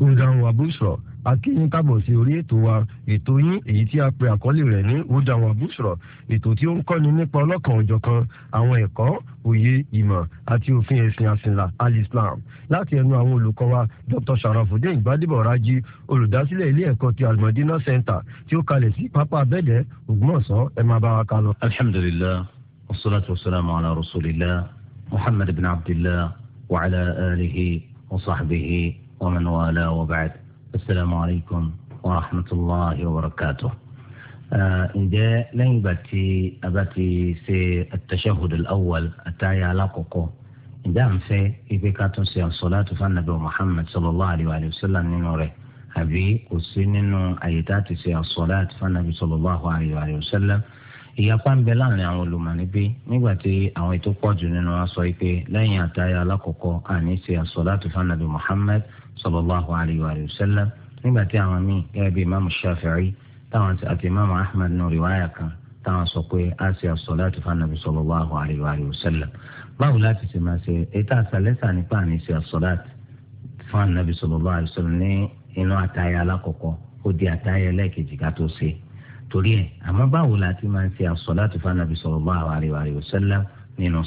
hudan wa bushra akínyìn kábọ̀ sí orí ètò wa ètò yín èyí tí a pè àkọlé rẹ̀ ní hudan wa bushra ètò tí ó ń kọ́ni nípa ọlọ́kan òjọ̀kan àwọn ẹ̀kọ́ òye ìmọ̀ àti òfin ẹ̀sìn àsìnlá alislam láti ẹnu àwọn olùkọ́ wa dr sharafudin gbadebo raji olùdásílẹ̀ ilé ẹ̀kọ́ ti almadina center tí ó kalẹ̀ sí pápá abẹ́dẹ̀ ògbómọ̀ṣọ́ ẹ máa bá wa ká lọ. alhamdulilayi wasalaatu wasalaamu ala rasulillah wa ala ومن والاه وبعد السلام عليكم ورحمة الله وبركاته ǹjẹ́ lẹ́yìn ìgbà tí a bá ti ṣe at-tashahhud al-awwal àtàyà alákọ̀ọ́kọ́ ǹjẹ́ à ń fẹ́ ibi ká tún ṣe as-salatu fanabi muhammed sallallahu alayhi wa sallam nínú rẹ̀ àbí kò sí nínú àyè tá a ti ṣe as-salatu fanabi sallallahu alayhi wa sallam ìyapa ń bẹ láàrin àwọn olùmọ̀ọ́ni bí nígbà tí àwọn ètò pọ̀ jù nínú wa sọ pé lẹ́yìn àtàyà alákọ̀ọ́kọ́ àní ṣe as-salatu fanabi muhammed sallallahu alayhi wa sallam nígbà tí àwọn míì gẹ́gẹ́ bíi imaamu shafi'i táwọn àti imaamu ahmed nù riwaya kan táwọn sọ pé a ṣe àsọlá tó fa nàbí sallallahu alayhi wa sallam báwo láti ṣe máa ṣe ètò àṣàlẹ́sà nípa àní ṣe àsọlá fún ànábì sallallahu alayhi wa sallam ní inú àtàyà alákọ̀ọ́kọ́ ó di àtàyà ẹlẹ́ẹ̀kejì ká tó ṣe torí ẹ̀ àmọ́ báwo láti máa ṣe àsọlá tó fa nàbí sallallahu alayhi wa sallam nínú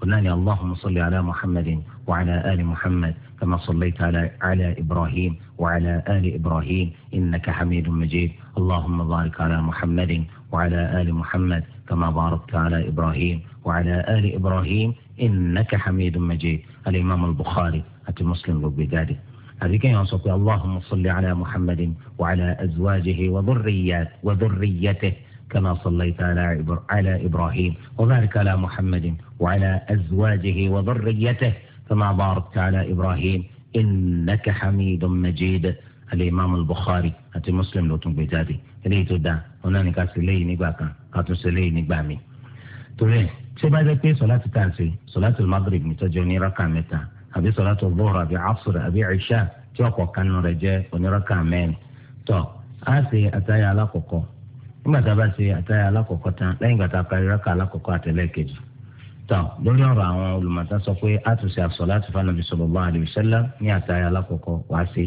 قلنا لي اللهم صل على محمد وعلى آل محمد كما صليت على على إبراهيم وعلى آل إبراهيم إنك حميد مجيد اللهم بارك على محمد وعلى آل محمد كما باركت على إبراهيم وعلى آل إبراهيم إنك حميد مجيد الإمام البخاري أتي مسلم لبداده هذه كان اللهم صل على محمد وعلى أزواجه وذريات وذريته كما صليت على على إبراهيم وبارك على محمد وعلى أزواجه وذريته كما باركت على إبراهيم إنك حميد مجيد الإمام البخاري أتي مسلم لو تنبتادي إليه تدا هناك أسلي نباكا أتسلي نبامي تولي سيبادة في صلاة تانسي صلاة المغرب متجوني ركع متى أبي صلاة الظهر أبي عصر أبي عشاء تيوكو كان رجاء ونركع مين تو أسي أتايا لكوكو nígbà tá a bá ṣe àtàyà alákọ̀ọ́kọ́ tán lẹ́yìn ìgbà tá a parí rákà alákọ̀ọ́kọ́ àtẹlẹ́kejì tán lórí ọ̀rọ̀ àwọn olùmọ̀tá sọ pé a tún ṣe àṣọ láti fa nàbì sallallahu alaihi wasallam ní àtàyà alákọ̀ọ́kọ́ wá sí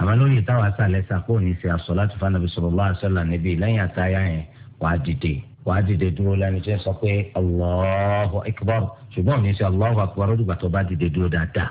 àmọ́ lórí ìtawà sàlẹ̀ sàkó ní ṣe àṣọ láti fa nàbì sallallahu alaihi wasallam níbí lẹ́yìn àtàyà yẹn wàá dìde wàá dìde dúró lẹ́nu tí ń sọ pé Allahu akbar ṣùgbọ́n ní ṣe Allahu akbar ó dìgbà tó bá dìde dúró dáadáa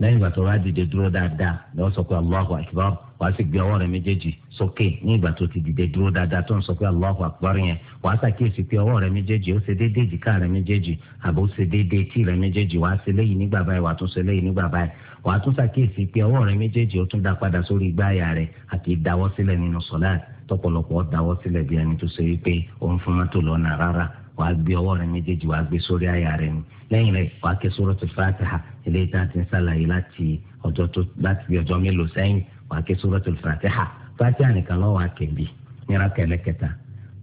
lẹ́yìn ìgbà tó bá dìde dúró dáadáa lọ́wọ́ sọ pé Allahu akbar wàá sì gbé ọwọ́ rẹ méjèèjì sókè ní ìgbà tó ti dìde dúró dáadáa tó ń sọ pé Allahu Akbar yẹn wàá ṣàkíyèsí pé ọwọ́ rẹ méjèèjì ó ṣe déédéé jìká rẹ méjèèjì àbó ṣe déédéé tí rẹ méjèèjì wàá ṣe léyìí nígbà báyìí wàá tún ṣe léyìí nígbà báyìí wàá tún ṣàkíyèsí pé ọwọ́ rẹ méjèèjì ó tún dá padà sórí igbáàyà rẹ àti ìdáwọ́ nínú sọ̀láàtì tọ̀pọ̀lọpọ̀ dáwọ́ wà á gbé ọwọ́ rẹ méjèèjì wà á gbé sórí àyà rẹ ni lẹ́yìn rẹ wà á ké suratul Fatiha eléyìí tá a ti ń sàlàyé láti ọjọ́ tó láti bí ọjọ́ mélòó sẹ́yìn wà á ké suratul Fatiha Fatiha nìkan lọ́wọ́ wà á ké bi nira kẹlẹ́ kẹta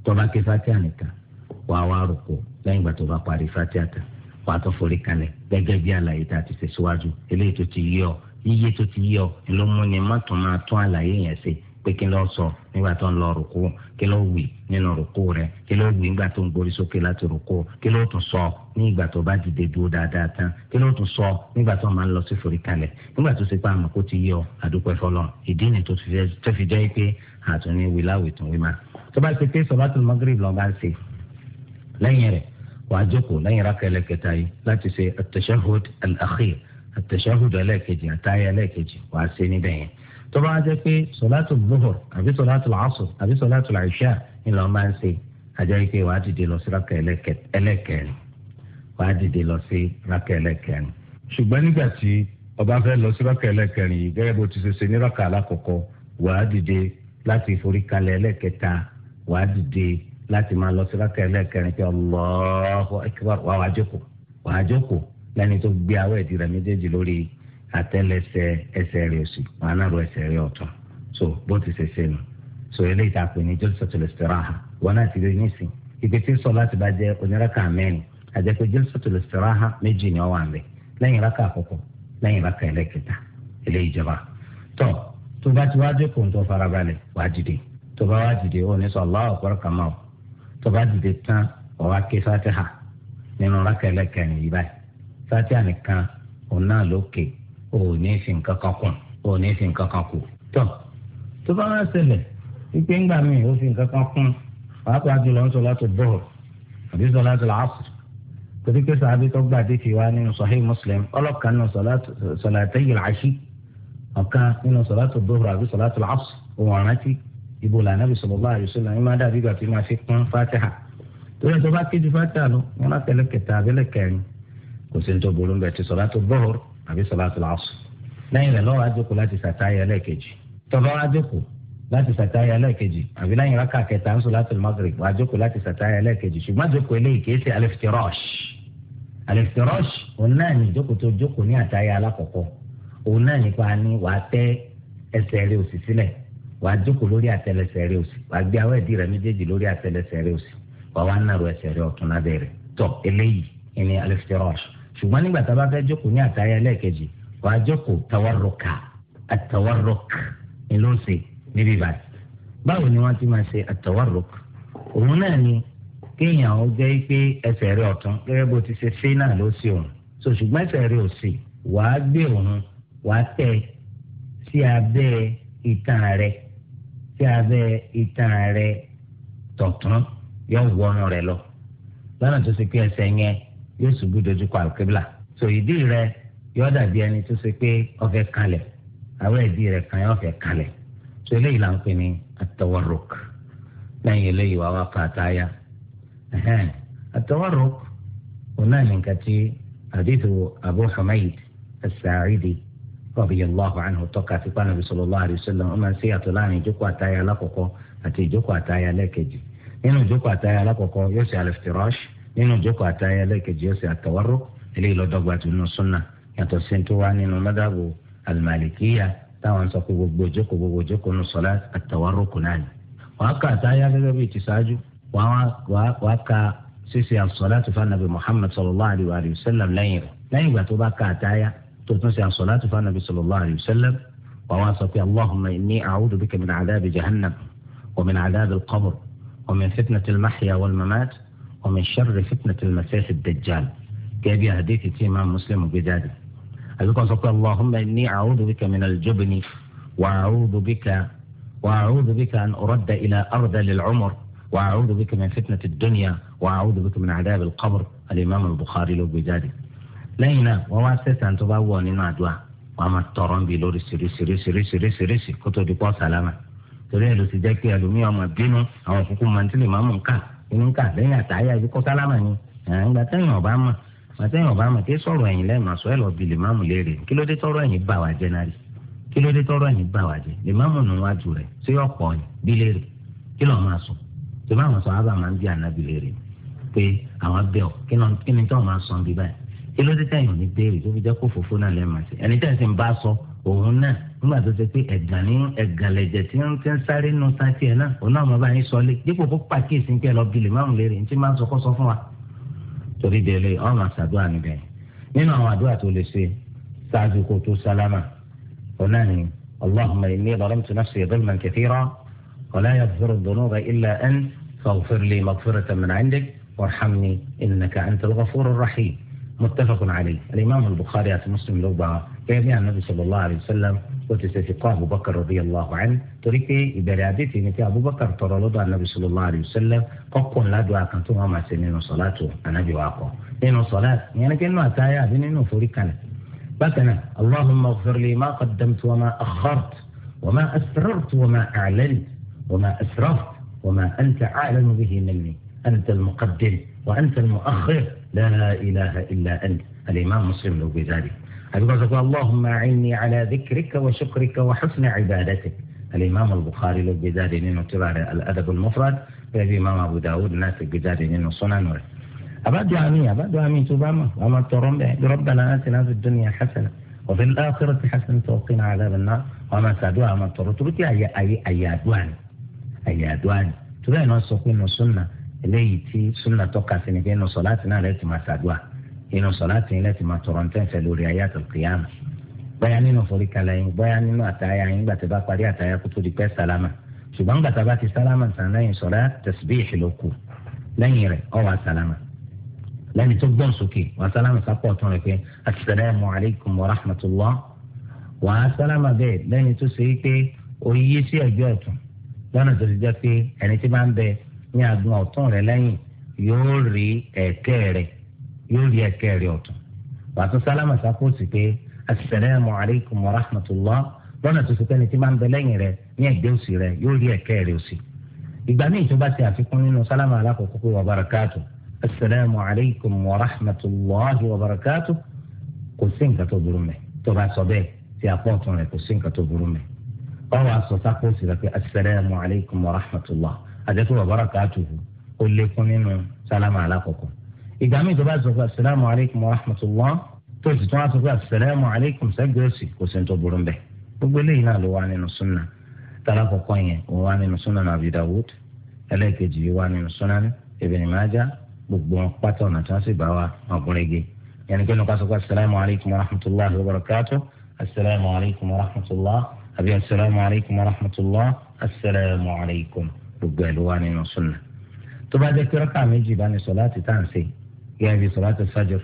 tó bá ké Fatiha nìkan wà á wà rúkọ lẹ́yìn ìgbà tó bá parí Fatiha tán wà á tó forí kalẹ̀ gẹ́gẹ́ bí àlàyé tá a ti ṣe síwájú eléyìí tó ti yé ọ yíyé tó ti yé ọ ló pé kí ló sọ nígbà tó ń lọ rùkú kí ló wì nínú rùkú rẹ kí ló wì nígbà tó ń gbórí sókè láti rùkú kí ló tún sọ ní ìgbà tó bá dìde dúró dáadáa tán kí ló tún sọ nígbà tó máa ń lọ sí foríkalẹ̀ nígbà tó ṣe pé àmọ́ kó ti yé ọ àdúpẹ́ fọlọ ìdí ni tó fi jẹ́ pé àtúnni wíláwì tún wí máa tó bá ṣe pé sọlátùl lọ bá ń ṣe lẹ́yìn rẹ̀ wàá jókòó lẹ́yìn rákẹ́lẹ́ kẹta yìí láti ṣe at-tashahhud al-akhir àtàyẹ ẹlẹ́ẹ̀kejì wàá ṣe níbẹ̀ yẹn tó bá jẹ́ pé sọ̀látù lóhùr àbí sọ̀látù làásù àbí sọ̀látù làìṣà ni lọ́ọ́ máa ń ṣe àjọ yìí pé wàá dìde lọ sí rákà ẹlẹ́kẹrin wàá dìde lọ sí rákà ẹlẹ́kẹrin. ṣùgbọ́n nígbà tí ó bá fẹ́ lọ sí rákà ẹlẹ́kẹrin yìí gẹ́gẹ́ bó ti ṣe ṣe ní rákà alákọ̀ọ́kọ́ wàá dìde láti forí kalẹ̀ ẹlẹ́kẹta wàá dìde láti máa lọ sí rákà ẹlẹ́kẹrin pé Allahu wàá jókòó lẹ́ni tó gbé awọ ẹ̀dì rẹ̀ méjèèjì lórí àtẹ́lẹsẹ̀ ẹsẹ̀ rẹ̀ òsì wọn rọ so bó ti ṣe ṣe nù so eléyìí tá a pè ní jalsatul istiraha wọn náà ti rí nísìn ibi tí sọ láti bá jẹ oníraka mẹ́rin àjẹpẹ jalsatul istiraha méjì ni wọn wà ń raka àkọ́kọ́ lẹ́yìn raka eléyìí jọba tó tó bá ti wá dé kó ń tó farabalẹ̀ wá dìde tó bá wá dìde ó ní o tó bá dìde tán nínú ò ní fi nǹkan kan kùn ò ní fi nǹkan kan kù tán tó bá wá ṣẹlẹ̀ wípé ńgbà míì ó fi nǹkan kan kún pàápàá jùlọ ń sọ láti bọ́ọ̀ àbí sọ láti làásù torí pé sàbí tó gbà dé fi wá nínú Sahih Muslim ọlọ́kan nínú sọ̀làtẹ́ yìí làásì ọ̀kan nínú sọ̀làtù bọ́ọ̀ àbí sọ̀làtù làásù òun àrántí ibo làná bí sallallahu alaihi wasallam ní má dàbí ìgbà tí máa fi kún fatiha torí tó bá kéjú fatiha lọ wọn láti ẹlẹ́kẹta kò sí ní tó burú bẹ́ẹ̀ ti sọ̀làtù bọ́ọ̀ àbí sọláàtù làásù lẹ́yìn rẹ̀ lọ́wọ́ àjòkò láti sàtáyà lẹ́ẹ̀kejì tọ́lọ́ àjòkò láti sàtáyà lẹ́ẹ̀kejì àbí lẹ́yìn rákà kẹta ń sọláàtù magrib àjòkò láti sàtáyà lẹ́ẹ̀kejì ṣùgbọ́n àjòkò eléyìí kìí ṣe alẹ́fitẹ́rọ́ṣ alẹ́fitẹ́rọ́ṣ òun náà ní ìjókòó tó jókòó ní àtáyà alákọ̀ọ́kọ́ òun náà nípa ni wàá tẹ́ ẹsẹ̀ rẹ̀ òsì sílẹ̀ wàá jókòó lórí àtẹ́lẹsẹ̀ rẹ̀ òsì wàá gbé awọ ẹdí rẹ̀ méjèèjì lórí àtẹ́lẹsẹ̀ rẹ̀ òsì wàá wá nàró ẹsẹ̀ rẹ̀ ọ̀tún lábẹ́ ṣùgbọ́n nígbà tá a bá fẹ́ jókòó ní àtàyà ẹlẹ́ẹ̀kejì wàá jókòó tawarruka àtàwárọ̀k ni ló ń ṣe níbí báyìí báwo ni wọ́n ti máa ṣe àtàwárọ̀k òun náà ni kéèyàn ó jẹ́ pé ẹsẹ̀ rẹ̀ ọ̀tún gẹ́gẹ́ bó ti ṣe ṣe náà ló ṣe òun so ṣùgbọ́n ẹsẹ̀ rẹ̀ òsì wàá gbé òun wàá tẹ̀ sí abẹ́ ìtàn rẹ̀ sí abẹ́ ìtàn rẹ̀ tọ̀tún yóò wọnú rẹ̀ lọ lọ́nà tó ṣe pé ẹsẹ̀ yẹn yóò ṣubú dojú kọ àlùkébìlà so ìdí rẹ̀ yóò dàbí ẹni tó ṣe pé ọfẹ kalẹ̀ àwọn ìdí rẹ̀ kan yóò fẹ́ kalẹ̀ so eléyìí là ń pè ní atawarruk lẹ́yìn eléyìí wàá wá fa àtàyà atawarruk òun náà ní nǹkan tí àdìtò Abu Humayd as-Sa'idi radiyallahu anhu tọ́ka sí pàànàbí sallallahu alaihi wasallam ọmọ sí àtọ̀ láàrin ìjókòó àtàyà alákọ̀ọ́kọ́ àti ìjókòó àtàyà lẹ́ẹ̀kejì nínú ìjókòó àtàyà alákọ̀ọ́kọ́ yóò ṣe al-iftirash nínú ìjókòó àtàyà lẹ́ẹ̀kejì ọ̀sẹ̀ àtàwárọ̀ eléyìí lọ́dọ́gba tó nínú súnà yàtọ̀ sí tó wá nínú mọ́dàbò àlùmàlìkíyà táwọn sọ pé gbogbo ìjókòó gbogbo ìjókòó nínú sọ̀lá àtàwárọ̀ kù náà ni. wàá ka àtàyà gẹ́gẹ́ bíi ti ṣáájú wàá ka ṣíṣe àsọ̀lá tó fún anabi muhammad sallallahu alayhi wa sallam lẹ́yìn rẹ̀ lẹ́yìn ìgbà tó bá ka àtàyà tó tún ṣe àsọ̀lá tó fún anabi sallallahu alayhi wa sallam وأنا أستطيع اللهم إني أعوذ بك من عذاب جهنم ومن عذاب القبر ومن فتنة المحيا والممات ومن شر فتنة المسيح الدجال كابي حديث إمام مسلم بجد أبيكم صلى اللهم إني أعوذ بك من الجبن وأعوذ بك وأعوذ بك أن أرد إلى أرض للعمر وأعوذ بك من فتنة الدنيا وأعوذ بك من عذاب القبر الإمام البخاري لو بجد لينا وواسس أن تبوا نينا دوا وما ترون بلوري سري سري سري سري سري سري كتو دي سلاما تريد تجاكي ألومي وما بينه أو حكومة لمامون كان ìní ká lẹ́yìn àtàyà ibi kọ́ sálámà ni ìgbà tẹ́yìn ọ̀bá mà ìgbà tẹ́yìn ọ̀bá mà kí sọ̀rọ̀ ẹ̀yìn lẹ́ẹ̀ma sọ ẹ̀ lọ bi lèmámù léèrè kí ló dé tọ́rọ̀ ẹ̀yìn bà wá jẹ́ náà rí kí ló dé tọ́rọ̀ ẹ̀yìn bà wá jẹ́ lèmámù nù wájú rẹ̀ sí ọ̀pọ̀ ọ̀yìn bí léèrè kí lọ́ọ́ máa sùn tó bá wọn sọ ábà máa ń bí ànábì léèrè pé àwọn bẹ́ẹ̀ ọ̀ kí ni tó máa sọ bí báyìí kí ló dé tẹ́yìn òní béèrè tó fi jẹ́ kó fòfó náà lẹ́ẹ̀ máa ṣe ẹni tẹ́yìn sì ń bá sọ òun náà nígbà tó ṣe pé ẹ̀gàn ní ẹ̀gàn lẹ̀jẹ̀ tí ń ti won ti sáré nu sáfì ẹ̀ náà òun náà mo bá yín sọ lé dípò kó pàkíyèsí kí ẹ lọ bí lè máàmù lérè ní tí máa ń sọ kọ́ sọ fún wa. torí délé ọmọ àṣàdúrà níbẹ̀ nínú àwọn àdúrà tó lè ṣe ṣáájú kó tó sálámà òun náà ni allahumma inni zalamtu nafsi dhulman kathira wa la yaghfiru dhunuba illa anta faghfir li maghfiratan min 'indik warhamni innaka antal ghafurur فيها فيها النبي صلى الله عليه وسلم وتتفقه أبو بكر رضي الله عنه تريكي إبرا عدتي نتي أبو بكر ترى لدى النبي صلى الله عليه وسلم قبقون لا دعا كنتم أما سنين صلاته النبي واقو إن صلاة يعني كأنه أتايا بنين فريكنا بكنا اللهم اغفر لي ما قدمت وما أخرت وما أسررت وما أعلنت وما أسرفت وما أنت أعلم به مني أنت المقدم وأنت المؤخر لا إله إلا أنت الإمام مسلم لو بذلك الرزق اللهم اعني على ذكرك وشكرك وحسن عبادتك الامام البخاري للجزار من اعتبار الادب المفرد الامام ابو داود ناس الجزار من الصنن أبعد أمي أبعد أمي تبام وما ترم ربنا آتنا في الدنيا حسنة وفي الآخرة حسنة وقنا عذاب النار وما سادوا وما ترم أي أي أي أدوان أي أدوان تبين نصوكين وسنة ليتي سنة توقع سنة بين صلاتنا ليتي ما سادوا inú sọláàtì yín láti máa tọrọ nǹkan fẹ́ lórí ayé àtọkìyàmù bóyá nínú foríkalẹ̀ yín bóyá nínú àtàyà yín gbàtẹ bá parí àtàyà kó tó di pẹ sálámà ṣùgbọ́n gbàtà bá ti sálámà tán lẹ́yìn sọlá tẹsibíìsì ló kù lẹ́yìn rẹ̀ ọ wà sálámà lẹ́yìn tó gbọ́n sókè wà sálámà sápọ̀ tán rẹ̀ pé asalaamu alaykum wa rahmatulah wà á sálámà bẹ́ẹ̀ lẹ́yìn tó ṣe pé oyíyé sí ẹgbẹ́ ọ̀tún lọ́nà tó ti jẹ́ pé ẹni tí bá ń bẹ ní agbọn ọ̀tún rẹ̀ lẹ́yìn yóò rí ẹ̀kẹ́ rẹ̀ yóò rí ẹ̀kẹ́ rẹ̀ ọ̀tún wàtú sálámà sákòsì pé asalaamu alaykum wa rahmatulah lọ́nà tó sèpẹ́ni tí máa ń bẹ lẹ́yìn rẹ̀ ní ẹ̀gbẹ́ òsì rẹ̀ yóò rí ẹ̀kẹ́ rẹ̀ òsì ìgbà míì tó bá ti àfikún nínú sálámà alákòókò pé wà barakatu asalaamu alaykum wa rahmatulah wa barakatu kò sí nǹkan tó burú mẹ́ tó bá sọ bẹ́ẹ̀ tí a pọ̀ tún rẹ̀ kò sí nǹkan tó burú mẹ́ ọ̀rọ̀ àṣọ sákòsì rẹ̀ pé asalaamu alaykum wa rahmatulah àdẹ́kùn wa barakatu ó lékún nínú sálámà alákòókò ìgbà míì tó bá sọ pé asalaamu alaykum wa rahmatulah tó sì tún wá sọ pé asalaamu alaykum sẹgbẹsì kò sí ní tó burú bẹ gbogbo eléyìí náà ló wà nínú sunna tala kọkọ yẹn ó wà nínú sunna na abi dawud ẹlẹ́ẹ̀kejì yìí wà nínú sunna ni ibn majah gbogbo wọn pátá ọ̀nà tí wọ́n sì bá wa ọ̀gbọ́nrẹ́gẹ yẹn kí ló ká sọ pé asalaamu alaykum wa rahmatulah wa asalaamu alaykum wa rahmatulah àbí asalaamu alaykum wa rahmatulah asalaamu alaykum gbogbo ẹ̀ ló wà nínú sunna tó bá jẹ́ kí rọ́kà méjì bá ní sọ láti tá à ń sèyí gẹ́gẹ́ bí sọ̀látù fajr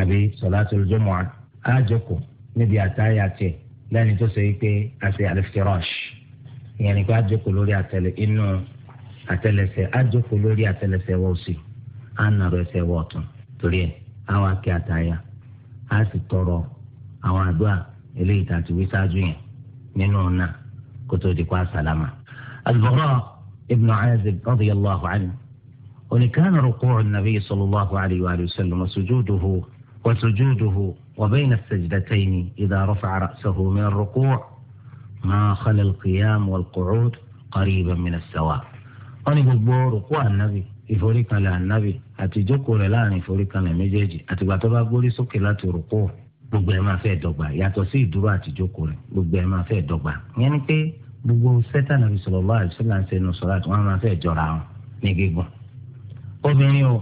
àbí sọ̀látù jumu'ah àjọkù níbi àtàyà tiẹ̀ lẹ́ni tó ṣe pé àti al-iftirash ìyẹn ni pé àjọkù lórí àtẹlẹ inú àtẹlẹsẹ̀ àjọkù lórí àtẹlẹsẹ̀ wọ́ọ̀ sí ànàrọ̀ ẹsẹ̀ wọ́ọ̀ tún torí ẹ̀ àwọn akẹ́ àtàyà á sì tọrọ àwọn àdúrà eléyìí wí sáájú yẹn nínú kótó di kó a sàlámà. al-Bara' ibn Azib radiyallahu ونكان ركوع النبي صلى الله عليه وآله وسلم سجوده وسجوده وبين السجدتين إذا رفع رأسه من الركوع ما خل القيام والقعود قريبا من السواء wọ́n gbogbo rukú ànábì ìforíkanlẹ̀ ànábì àti ìjókòó rẹ̀ láàrin ìforíkanlẹ̀ méjèèjì àtìgbà tó bá gbórí sókè láti rukú gbogbo ẹ̀ máa fẹ́ dọ́gba yàtọ̀ sí ìdúró àti ìjókòó rẹ̀ gbogbo ẹ̀ máa fẹ́ dọ́gba. ìyẹn ni pé gbogbo sẹ́tà nàbì sallallahu alaihi wasallam ń ṣe nù tí wọ́n máa fẹ́ jọra wọn ní gígùn obìnrin o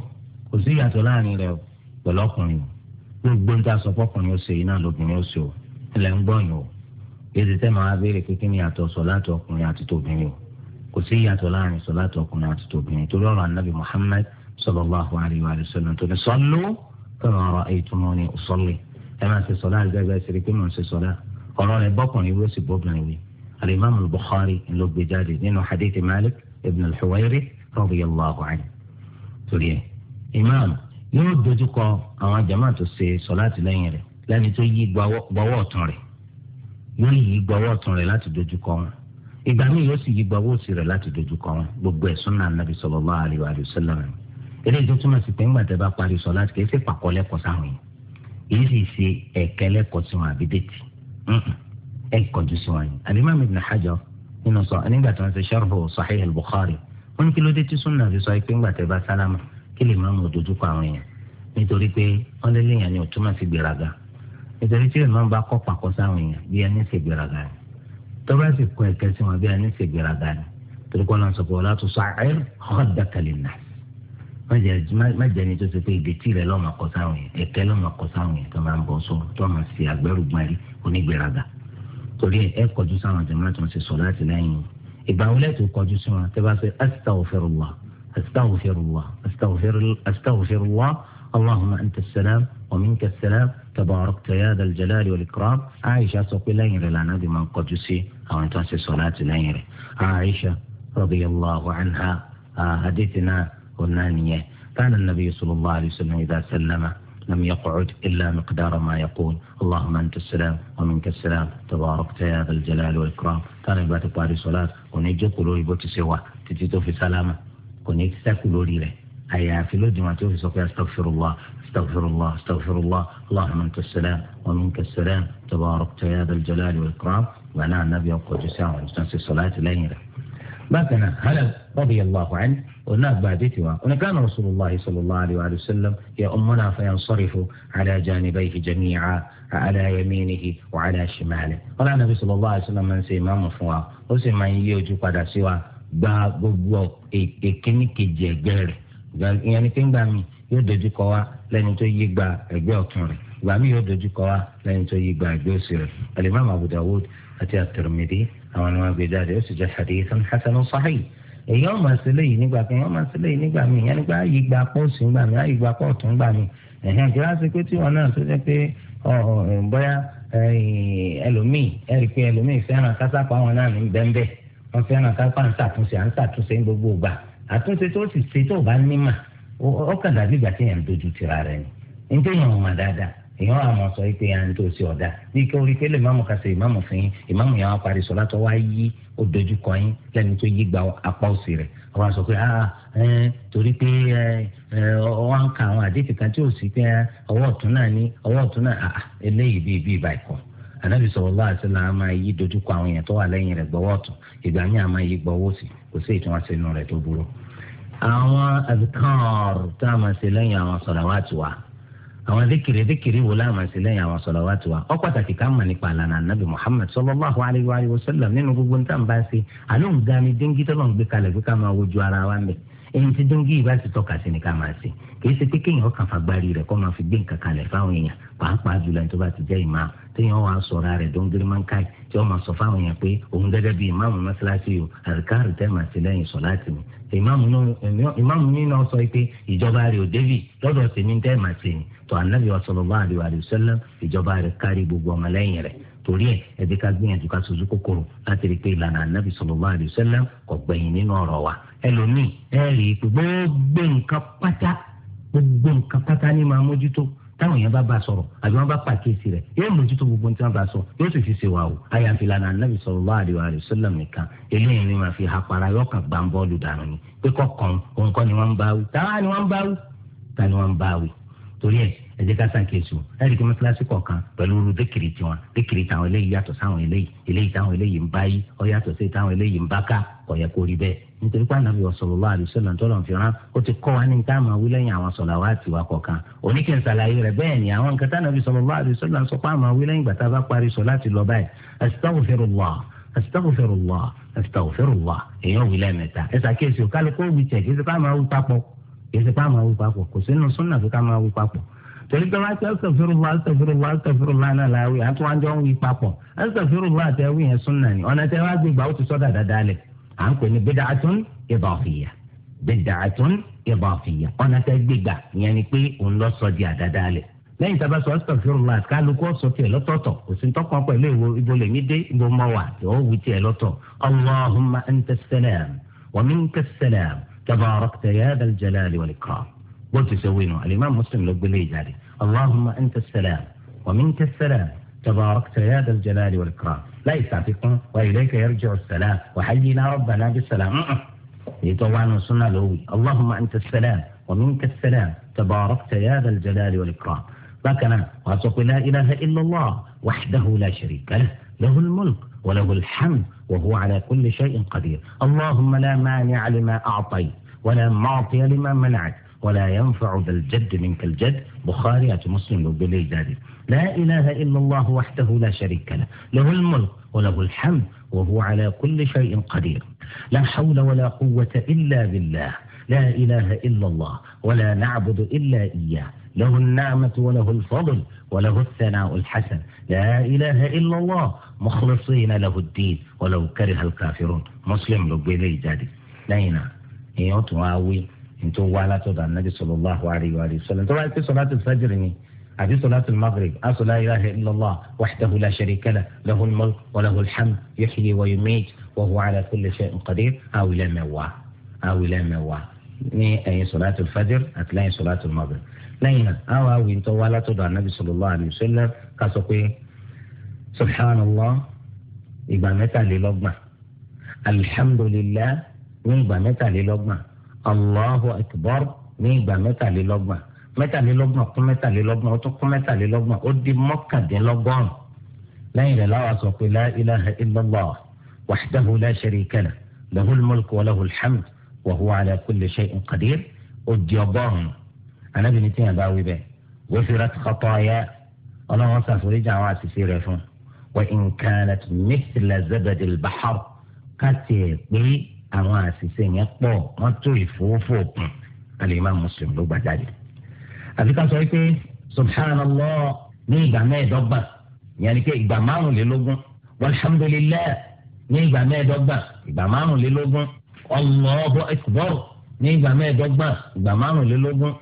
kò sí ìyàtọ̀ láàrin rẹ o pẹ̀lú ọkùnrin o gbogbo ń ta sọ fọkùnrin ó ṣe iná lóbìnrin ó ṣe o ilẹ̀ ń gbọ̀nyìn o èdè tẹ́ máa béèrè pé kí ni ìyàtọ̀ sọ láti ọkùnrin àti tóbìnrin o kò sí ìyàtọ̀ láàrin sọ láti ọkùnrin àti tóbìnrin torí ọ̀rọ̀ anábì Muhammad sallallahu alayhi wa sallam tó ní sọ́lú kama ra'aytumuni usalli ẹ máa ṣe sọ́lá àgbẹ̀gbẹ̀ ṣeré pé mò ṣe sọ́lá ọ̀rọ̀ rẹ̀ bọ́kùnrin wí ó sì wí alimami Bukhari ló gbé jáde nínú hadith Malik ibn al-Huwayrith radiyallahu anhu torí ẹ imam yóò dojúkọ àwọn jama tó ṣe sọláàtì lẹ́yìn rẹ̀ lẹ́ni tó yí gbọ́wọ́ ọ̀tún rẹ̀ yóò yí gbọ́wọ́ ọ̀tún rẹ̀ láti dojúkọ wọn ìgbà míì yóò sì yí gbọ́wọ́ òsì rẹ̀ láti dojúkọ wọn gbogbo ẹ̀ súnà nàbì sallallahu alaihi wa sallam eléyìí tó túmọ̀ sí pé ńgbà tẹ́ bá parí sọláàtì kì í ṣe pàkọ́ lẹ́kọ̀ọ́ sáwọn yìí kì sì ṣe ẹ̀kẹ́ lẹ́kọ̀ọ́ sí wọn àbí dẹ́tì sí wọn yìí wọ́n ní kí ló dé tí súnà fi sọ pé ńgbà tẹ́ bá sálámà kí lè má mú òdòdókọ àwọn èèyàn nítorí pé wọ́n lé léèyàn ni òtúmọ̀ sí gbéraga nítorí tí ìmọ̀ bá kọ́ pàkọ́ sáwọn èèyàn bí ẹni ṣe gbéraga ni tó bá sì kọ́ ẹ̀kẹ́ sí wọn bí ẹni ṣe gbéraga ni torí kọ́ náà sọ pé ọlá tó sọ àìr ọ̀dàkàlẹ̀ nà mẹjẹ ni tó ṣe pé ìdètí rẹ lọ́mọ kọ́ sáwọn èèyàn ẹ̀kẹ́ lọ́mọ kọ́ sáwọn èèyàn tó máa ń bọ̀ sọ tó máa ṣe àgbẹ̀rùgbọ̀n rí ìbáwọlẹ̀ tó kọjú sí wọn tẹ́ bá sọ astaghfirullah astaghfirullah astaghfirullah allahumma anta salam wa minka salam tabarakta ya dal jalali wal ikram aisha sọ pé lẹ́yìn rẹ̀ lànà bí máa ń kọjú sí àwọn tó ń ṣe sọ̀láàtì lẹ́yìn rẹ̀ aisha radiyallahu anha ah, hadithina onaniyẹ kana nabi sallallahu alayhi wa sallam idha sallama. لم يقعد إلا مقدار ما يقول اللهم أنت السلام ومنك السلام تبارك يا ذا الجلال والإكرام كان يبات باري صلاة ونجي لي يبوت سوا تجيتو في سلامة كوني كنت لي له أيا في ما توفي سوقي أستغفر الله استغفر الله استغفر الله اللهم أنت السلام ومنك السلام تبارك يا ذا الجلال والإكرام معناها النبي يقول جساء ونستنسي صلاة ليلة بعدنا هلا رضي الله عنه قلنا بعدتها وإن كان رسول الله صلى الله عليه وآله وسلم يأمنا فينصرف على جانبيه جميعا على يمينه وعلى شماله قال النبي صلى الله عليه وسلم من سيما مفوا وسيما يوجو قد سوا gba gbogbo èkíní kejì ẹ̀gbẹ́ rẹ̀ ìyẹn ni pé ńgbà mi yóò dojú kọ wa lẹ́ni tó yí gba ẹ̀gbẹ́ ọ̀tún rẹ̀ ìgbà mi yóò dojú kọ wa lẹ́ni tó yí gba ẹ̀gbẹ́ òsì rẹ̀ alimami abu dawud àti at ni wọn gbé jáde ó sì jẹ hadithan hasanun sahih èyí ọ ma ṣe léyìí nígbà kan wọn máa yìí léyìí nígbà míì yẹn nígbà gba pọ́ọ̀sì ńgbà míì ayé gba pọ́ọ̀tù ńgbà míì ẹ̀hìn kíláàsì pé tí wọn náà tó jẹ́ pé bóyá ẹlòmíì ẹ̀rí pé ẹlòmíì fẹ́ràn kásápá wọn náà ní bẹ́ńbẹ́ wọn fẹ́ràn kásápá ń ṣàtúnṣe à ń ní gbogbo ìgbà àtúnṣe tó sì ṣe tó bá nímà dàbí ìgbà èèyàn àwọn sọ pé à ń tó sí ọ̀dà bí kí orí pélé ìmáàmù kan ṣe ìmáàmù fún yín ìmáàmù yẹn wá parí sọlá tó wá yí ó dojú kọ yín tó yí gba apá òsì rẹ̀ ọwọ́ a sọ pé ah torí pé ọwọ́ ń ka àwọn àdéhùn kan tí ò sí pé náà ní náà eléyìí bíi bíi a máa yí àwọn tó wà rẹ̀ a máa yí kò sí ìtumọ̀ sínú tó burú. àwọn tá a máa àwọn zikiri zikiri wo láàmà sí lẹ́yìn àwọn sọlọwàtì wa ọ pàtàkì ká mà nípa àlànà anabi muhammed sallallahu alayhi wa sallam nínú gbogbo ntàǹbà sí àlóhùn gani díngítọ́lọ́ ń gbé kalẹ̀ pé ká máa wojú ara wa ń èyí tí dóńgì yìí bá ti tọ́ka sí ni ká máa ṣe kì í ṣe pé kéèyàn kàn fagbárí rẹ̀ kó máa fi gbé nǹkan kalẹ̀ fáwọn èèyàn pàápàá jùlọ ní tó bá ti jẹ́ ìmá téèyàn wà á sọ̀rọ̀ rẹ̀ dóńgìrì máa ń káì tí wọ́n máa sọ fáwọn èèyàn pé òun gẹ́gẹ́ bí ìmáàmù mọ́ṣáláṣí o àríkàrí tẹ́ màá ṣe lẹ́yìn sọ láti mi ìmáàmù mi náà sọ pé ìjọba rẹ̀ ò débì lọ́dọ̀ tèmi tẹ́ màá ṣe ni tó torí ẹ ẹbí ká gbìyànjú ká sojú kòkòrò láti rí i pé ìlànà ànábì sallallahu alaihi wasallam kò gbẹ̀yìn nínú ọ̀rọ̀ wa ẹlòmíì ẹ rí i pé gbogbo nǹkan pátá gbogbo nǹkan pátá ní máa mójútó táwọn yẹn bá bá sọ̀rọ̀ àbí wọn bá pàkíyèsí rẹ̀ yóò mójútó gbogbo tí wọn bá sọ yóò sì fi ṣe wà o àyàfi ìlànà ànábì sallallahu alaihi wasallam nìkan eléyìí ni màá fi hapara yọ kàn gbà ni pé kọ̀ọ̀kan ni wọ́n ń ni wọ́n torí ẹ ẹ jẹ́ ká ṣàkíyèsí o láti kí mọ́tíláṣí kọ̀ọ̀kan pẹ̀lú irú dékìrì tiwọn dékìrì táwọn eléyìí yàtọ̀ sáwọn eléyìí eléyìí táwọn eléyìí ń bá yí ọ yàtọ̀ sí táwọn eléyìí ń bá ká kò yẹ kó rí bẹ́ẹ̀ nítorí pé ànábì sallallahu alaihi wasallam tọ́lọ̀ fi rán ó ti kọ́ wa ní nǹkan àmọ́ wí lẹ́yìn àwọn sọ̀lá wa ti wá kọ̀ọ̀kan oníkẹ́ ìsàlàyé rẹ̀ bẹ́ẹ̀ ni àwọn nǹkan tánàbì sallallahu alaihi wasallam sọ pé àmọ́ wí lẹ́yìn gbàtà bá parí sọ láti lọ báyìí astaghfirullah astaghfirullah astaghfirullah èèyàn wí lẹ́ẹ̀mẹ́ta ẹ̀sà kéèsì ò kálukó wí tẹ̀ kí èsì pa máa wí papọ̀ kò sínú súnà fi ká máa wí papọ̀ torí pé wọ́n á ti astaghfirullah astaghfirullah astaghfirullah náà la wí àti wọ́n jọ ń wí papọ̀ astaghfirullah àti ẹwí yẹn súnà ni ọ̀nà tẹ́ wá gbé gbà ó ti sọ́dà dáadáa lẹ̀ à ń pè ní bid'atun idafiyya bid'atun idafiyya ọ̀nà tẹ́ gbé gbà yẹn ni pé òun lọ sọ di àdáadáa lẹ̀ lẹ́yìn tábà sọ astaghfirullah kálukú ọ̀sọ̀ tiẹ̀ lọ́tọ̀ọ̀tọ̀ kò sí tọkàn pẹ̀lú ìwo ibo lèmi dé ibo mọ tó wù tiẹ̀ lọ́tọ̀ Allahumma anta salam wa minka salam تباركت يا ذا الجلال والإكرام قلت سوينه الإمام مسلم لو قال لي اللهم أنت السلام ومنك السلام تباركت يا ذا الجلال والإكرام لا يستعتقون وإليك يرجع السلام وحينا ربنا بالسلام يتوان إيه السنة لوي اللهم أنت السلام ومنك السلام تباركت يا ذا الجلال والإكرام لكن وأتقوا لا إله إلا الله وحده لا شريك له له الملك وله الحمد وهو على كل شيء قدير اللهم لا مانع لما أعطيت ولا معطي لما منعت ولا ينفع ذا الجد منك الجد بخاري مسلم وبلي ذلك لا إله إلا الله وحده لا شريك له له الملك وله الحمد وهو على كل شيء قدير لا حول ولا قوة إلا بالله لا إله إلا الله ولا نعبد إلا إياه له النعمة وله الفضل وله الثناء الحسن لا إله إلا الله مخلصين له الدين ولو كره الكافرون مسلم لبيلي جادي لينا إيه، يوتو آوي انتو والا تودا النبي صلى الله عليه وآله وسلم انتو في صلاة الفجر هذه صلاة المغرب أصل لا إله إلا الله وحده لا شريك له له الملك وله الحمد يحيي ويميت وهو على كل شيء قدير أو لا مواه أو لا مواه ní ẹ̀yìn sọ̀láàtì fajr àti lẹ́yìn sọ̀láàtì maghrib lẹ́yìn náà àwọn àwìn tó wá látọ̀dọ̀ anabi sallallahu alaihi wasallam ká sọ pé subhanallah ìgbà mẹ́tàlélọ́gbọ̀n alhamdulillah ní ìgbà mẹ́tàlélọ́gbọ̀n allahu akbar ní ìgbà mẹ́tàlélọ́gbọ̀n mẹ́tàlélọ́gbọ̀n kún mẹ́tàlélọ́gbọ̀n ó tún kún mẹ́tàlélọ́gbọ̀n ó di mọ́kàndínlọ́gọ́rùn lẹ́yìn rẹ̀ láwa sọ pé la illallah wahdahu la sharika lahu lahul mulku wa lahul wa huwa ala kulli shay'in qadir ó di ọgọ́rùn-ún anábì ní tíyẹn bá wí bẹ́ẹ̀ ghufirat khataya ọlọ́run ṣàforíjì àwọn àṣìṣe rẹ̀ fún wa in kanat mithla zabadil bahr káàtì ẹ̀ pé àwọn àṣìṣe yẹn pọ̀ wọ́n tó ìfowófò òkun alimá muslim ló gbà jáde. àfi ká sọ pé subhanallah ní ìgbà mẹ́ẹ̀ẹ́dọ́gbà yẹn ni pé ìgbà márùnlélógún walhamdulillah ní ìgbà mẹ́ẹ̀ẹ́dọ́gbà ìgbà márùnlélógún Allahu akbar ní ìgbà mẹ́ẹ̀ẹ́dọ́gbọ̀n ìgbà márùnlélógún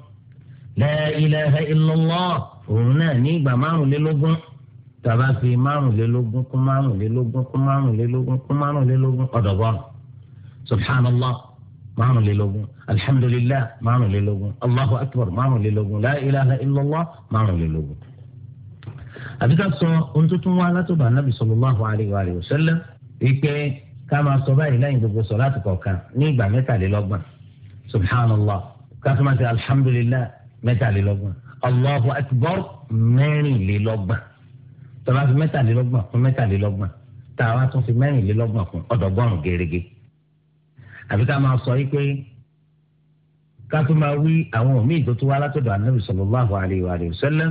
la ilaha illallah òun náà ní ìgbà márùnlélógún tàbá fi márùnlélógún kún márùnlélógún kún márùnlélógún kún márùnlélógún ọ̀dọ̀gbọ́n subhanallah márùnlélógún alhamdulillah márùnlélógún allahu akbar márùnlélógún la ilaha illallah márùnlélógún. àbíká sọ ohun tuntun wa látọ̀dọ̀ anábì sallallahu alayhi wa sallam wípé ká máa sọ báyìí lẹ́yìn gbogbo sọ láti kọ̀ọ̀kan ní ìgbà mẹ́tàlélọ́gbọ̀n subhanallah kásùmáṣe alhamdulillah mẹ́tàlélọ́gbọ̀n allahu akbar mẹ́rìnlélọ́gbọ̀n tọ́lá fi mẹ́tàlélọ́gbọ̀n fún mẹ́tàlélọ́gbọ̀n tàwa tún fi mẹ́rìnlélọ́gbọ̀n fún ọ̀dọ́gbọ̀n gẹ́gẹ́ àbí ká máa sọ yìí pé ká tún máa wí àwọn míì tó tún wá látọ̀dọ̀ anabi sallallahu alayhi wa sallam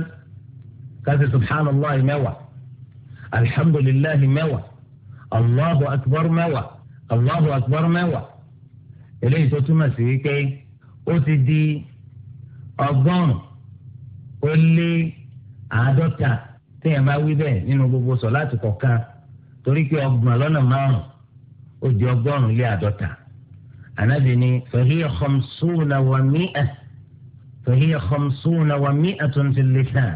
ká sì subhanallah mẹ́wàá alhamdulillah mẹ́wàá allahu akbar mẹ́wàá allahu akbar mẹ́wàá eléyìí tó túmọ̀ sí wípé ó ti di ọgọ́rùn-ún ó lé àádọ́ta téèyàn bá wí bẹ́ẹ̀ nínú gbogbo sọ̀láàtì kọ̀ọ̀kan torí pé ọgbọ̀n lọ́nà márùn-ún ó di ọgọ́rùn-ún lé àádọ́ta ànábì ni fahiya khamsuna wa mi'a fahiya khamsuna wa mi'atun fil lisan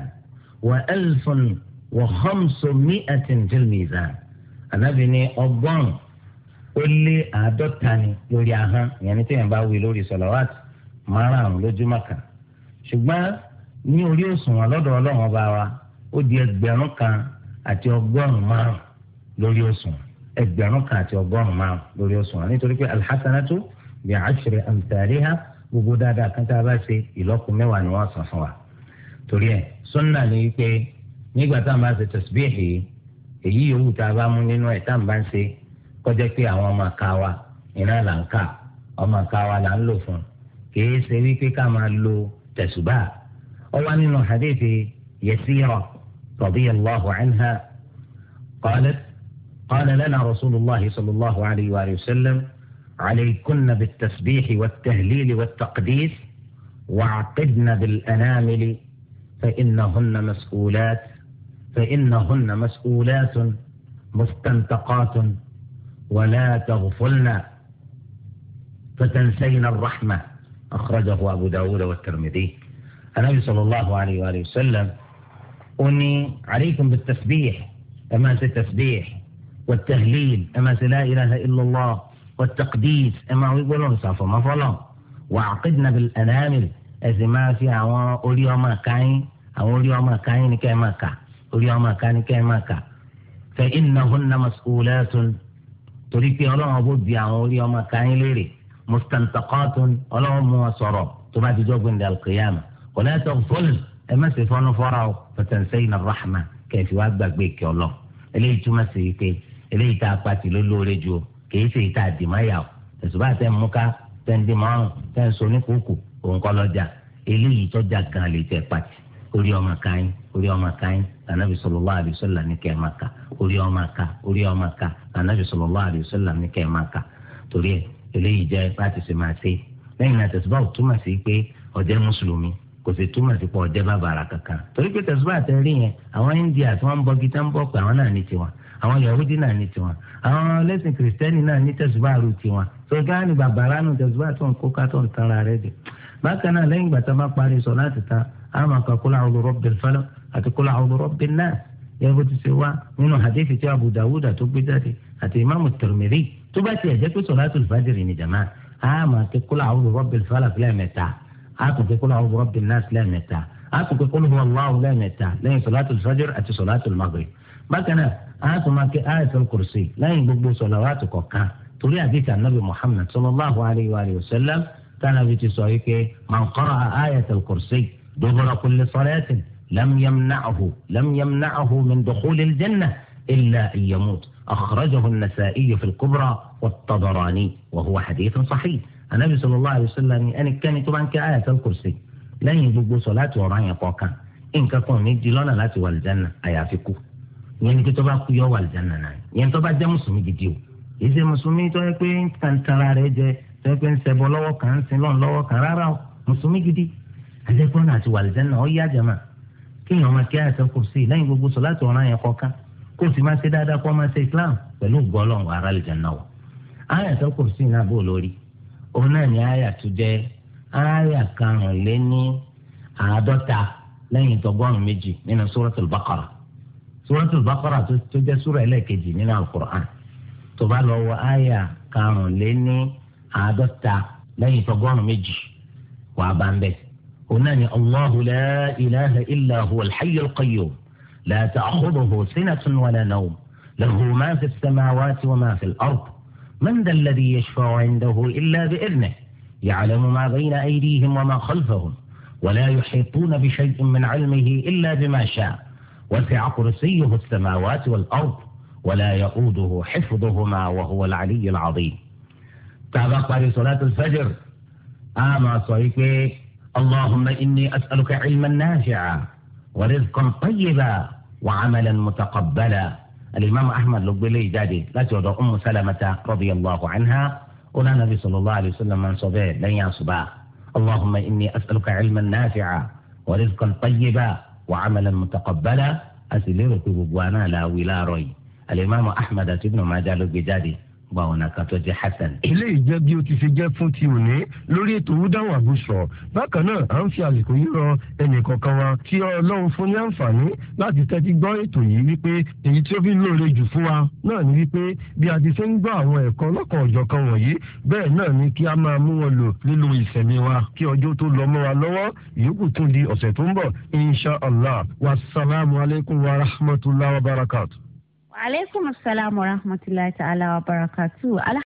wa alfun wa khamsu mi'atin fil mizan ànábì ní ọgọ́rùn ó lé àádọ́ta ni lórí ahọ́n ìyẹn ní téèyàn bá wí lórí sọ̀làwátì márùn-ún lójúmọ́ kan ṣùgbọ́n ní orí òṣùwọ̀n lọ́dọ̀ ọlọ́run ọba wa ó di ẹgbẹ̀rún kan àti ọgọ́rùn-ún márùn-ún lórí òṣùwọ̀n ẹgbẹ̀rún kan àti ọgọ́rùn-ún márùn-ún lórí òṣùwọ̀n nítorí pé alhassanatu bi ashri amthaliha gbogbo dáadáa kan tá a bá ṣe ìlọ́kùn èyí yòówù tá a bá mú nínú ẹ̀ tá n bá ń ṣe kọjá pé àwọn ọmọ ká wa iná là ń kà ọmọ ká wa là ń lò fún kìí ṣe wípé ká máa lo tẹ̀sùbà ó wá nínú hadithi yasira radiyallahu anha qalat qala lana rasulillah sallallahu alayhi wa sallam عليكن بالتسبيح والتهليل والتقديس واعقدن بالأنامل فإنهن مسؤولات فإنهن مسؤولات مستنتقات ولا تغفلن فتنسين الرحمة أخرجه أبو داود والترمذي النبي صلى الله عليه وآله وسلم أني عليكم بالتسبيح أما التسبيح والتهليل أما لا إله إلا الله والتقديس أما يقولون صافا ما فلا وعقدنا بالأنامل أزما في عوان أولي وما كاين أولي وما كاين كما كاين orí ọmọ àkánikẹ́ ẹ̀ máa kà fa innahunna mas'ulatun torí pé ọlọ́run ọbọ̀ bí àwọn orí ọmọ àkáyín léèrè mustantaqatun ọlọ́run mú wọn sọ̀rọ̀ tó bá ti dọ́gbìn dal qiyama kò náà tó fọlù ẹ má ṣe fọnú fọ́ra o fatansayna rahma kẹfì wá gbàgbé kẹ ọ lọ eléyìí túmọ̀ sí i pé eléyìí tá a pàtì ló lóore ju kìí ṣe ìta àdìmáyà o ẹ̀sùn tẹ̀ mú ká tẹ̀ ń orí ọmọ ká yín lànàbì sallallahu alaihi wasallam ní kẹ́ ẹ máa kà orí ọmọ ká orí ọmọ ká lànàbì sallallahu alaihi wasallam ní kẹ́ ẹ máa kà torí ẹ eléyìí jẹ́ láti ṣe máa ṣe lẹ́yìn náà tẹ̀síbá ò túmọ̀ sí pé ọ̀jẹ́ mùsùlùmí kò sì túmọ̀ sí pé ọ̀jẹ́ bàbàrà kankan torí pé tẹ̀síbá àtẹ̀rí yẹn àwọn India tí wọ́n ń bọ́ gíta ń bọ̀ pé àwọn náà ní tiwọn àwọn Yahudi náà ní tiwọn àwọn ẹlẹ́sìn kìrìsìtẹ́nì náà ní tẹ̀síbá àrùn tiwọn sọgá ni bàbàrà nù tẹ̀síbá tó ń kó kátó ń tanra rẹ̀ dé bákan náà lẹ́yìn gbàtà bá parí sọ láti ta àwọn àkàkọ́ àti kólà ọ̀rọ̀ bẹ́ẹ̀ náà yẹ́n bó ti ṣe wá nínú hadithi tí abu dawud tó gbé jáde àti imaamu tirmidhi tó bá tiẹ̀ jẹ́ pé solatul fajiri ni jama a máa ké kólà ọ̀rọ̀ rabbil falaq lẹ́ẹ̀mẹ́ta a tún ké kólà ọ̀rọ̀ rabbin nas lẹ́ẹ̀mẹ́ta a tún ké kólà ọ̀rọ̀ allahu lẹ́ẹ̀mẹ́ta lẹ́yìn solatul fajiri àti solatul maghrib bákan náà a tún máa ké ayatul kursi lẹ́yìn torí àdìsí anabi muhammad sallallahu alayhi wa sallam tánàbí ti sọ yìí pé man qara'a ayatul kursi dubura لم يمنعه لم يمنعه من دخول الجنة إلا أن يموت أخرجه النسائي في الكبرى والطبراني وهو حديث صحيح النبي صلى الله عليه وسلم أن كان طبعا كآية الكرسي لن يجب صلاة وران يقوكا يعني نعم. يعني إن كان ندي لنا لا جنة أيافكو يعني كتبا كيو والجنة يعني تبا جا مسلمي جديو إذا مسلمي تو يكوين كان ترى رجي تو يكوين سيبو لوو كان سيلون لوو كان رارا مسلمي جدي هل يكون هاتي والجنة هو يا جماعه kéèyàn ọmọ kí àyàtọ̀ kò sí lẹ́yìn gbogbo sọ láti ọ̀ràn yẹn kọ̀ọ̀kan kó o sì máa ṣe dáadáa kó o máa ṣe islam pẹ̀lú gbọ́lọ̀ ara lè jẹun náà wọ̀ àyàtọ̀ kò sí náà bó lórí òun náà ni àyà tó jẹ́ àyà karùnléní àádọ́ta lẹ́yìn tọgọ́rùn méjì nínú suratul baqara suratul baqara tó jẹ́ sura ẹlẹ́ẹ̀kejì nínú alukur'an tó bá lọ wọ àyà karùnléní àádọ́ta lẹ́yìn tọgọ́rùn méjì wàá bá ń bẹ́ẹ̀ قلنا الله لا إله إلا هو الحي القيوم لا تأخذه سنة ولا نوم له ما في السماوات وما في الأرض من ذا الذي يشفع عنده إلا بإذنه يعلم ما بين أيديهم وما خلفهم ولا يحيطون بشيء من علمه إلا بما شاء وسع كرسيه السماوات والأرض ولا يؤوده حفظهما وهو العلي العظيم تابق صلاة الفجر آما صحيح اللهم إني أسألك علما نافعا ورزقا طيبا وعملا متقبلا الإمام أحمد لقبلي جادي لا تود أم سلمة رضي الله عنها ولا النبي صلى الله عليه وسلم من صبي لن يصبا اللهم إني أسألك علما نافعا ورزقا طيبا وعملا متقبلا أسلمك بوانا لا ولا روي الإمام أحمد بن ماجه لقبلي جادي gba ọ̀nà kan tó jẹ́ hasan. eléyìí jẹ́ bí o ti ṣe jẹ́ fún ti òní lórí ètò wúdáhùn àgùsọ̀ bákan náà à ń fi àsìkò yìí rọ ẹnì kọ̀ọ̀kan wa tí ọlọ́run fún ní àǹfààní láti tẹ́tí gbọ́ ètò yìí wípé èyí tí ó fi lóore jù fún wa náà ni wípé bí a ti ṣe ń gbọ́ àwọn ẹ̀kọ́ ọlọ́kan ọ̀jọ̀ kan wọ̀nyí bẹ́ẹ̀ náà ni kí a máa mú wọn lò nínú ìṣẹ̀mí wa kí ọjọ́ tó lọ mọ́ wa lọ́wọ́ ìyókù alaikum assalamu rahmatullahi ta'ala wa barakatu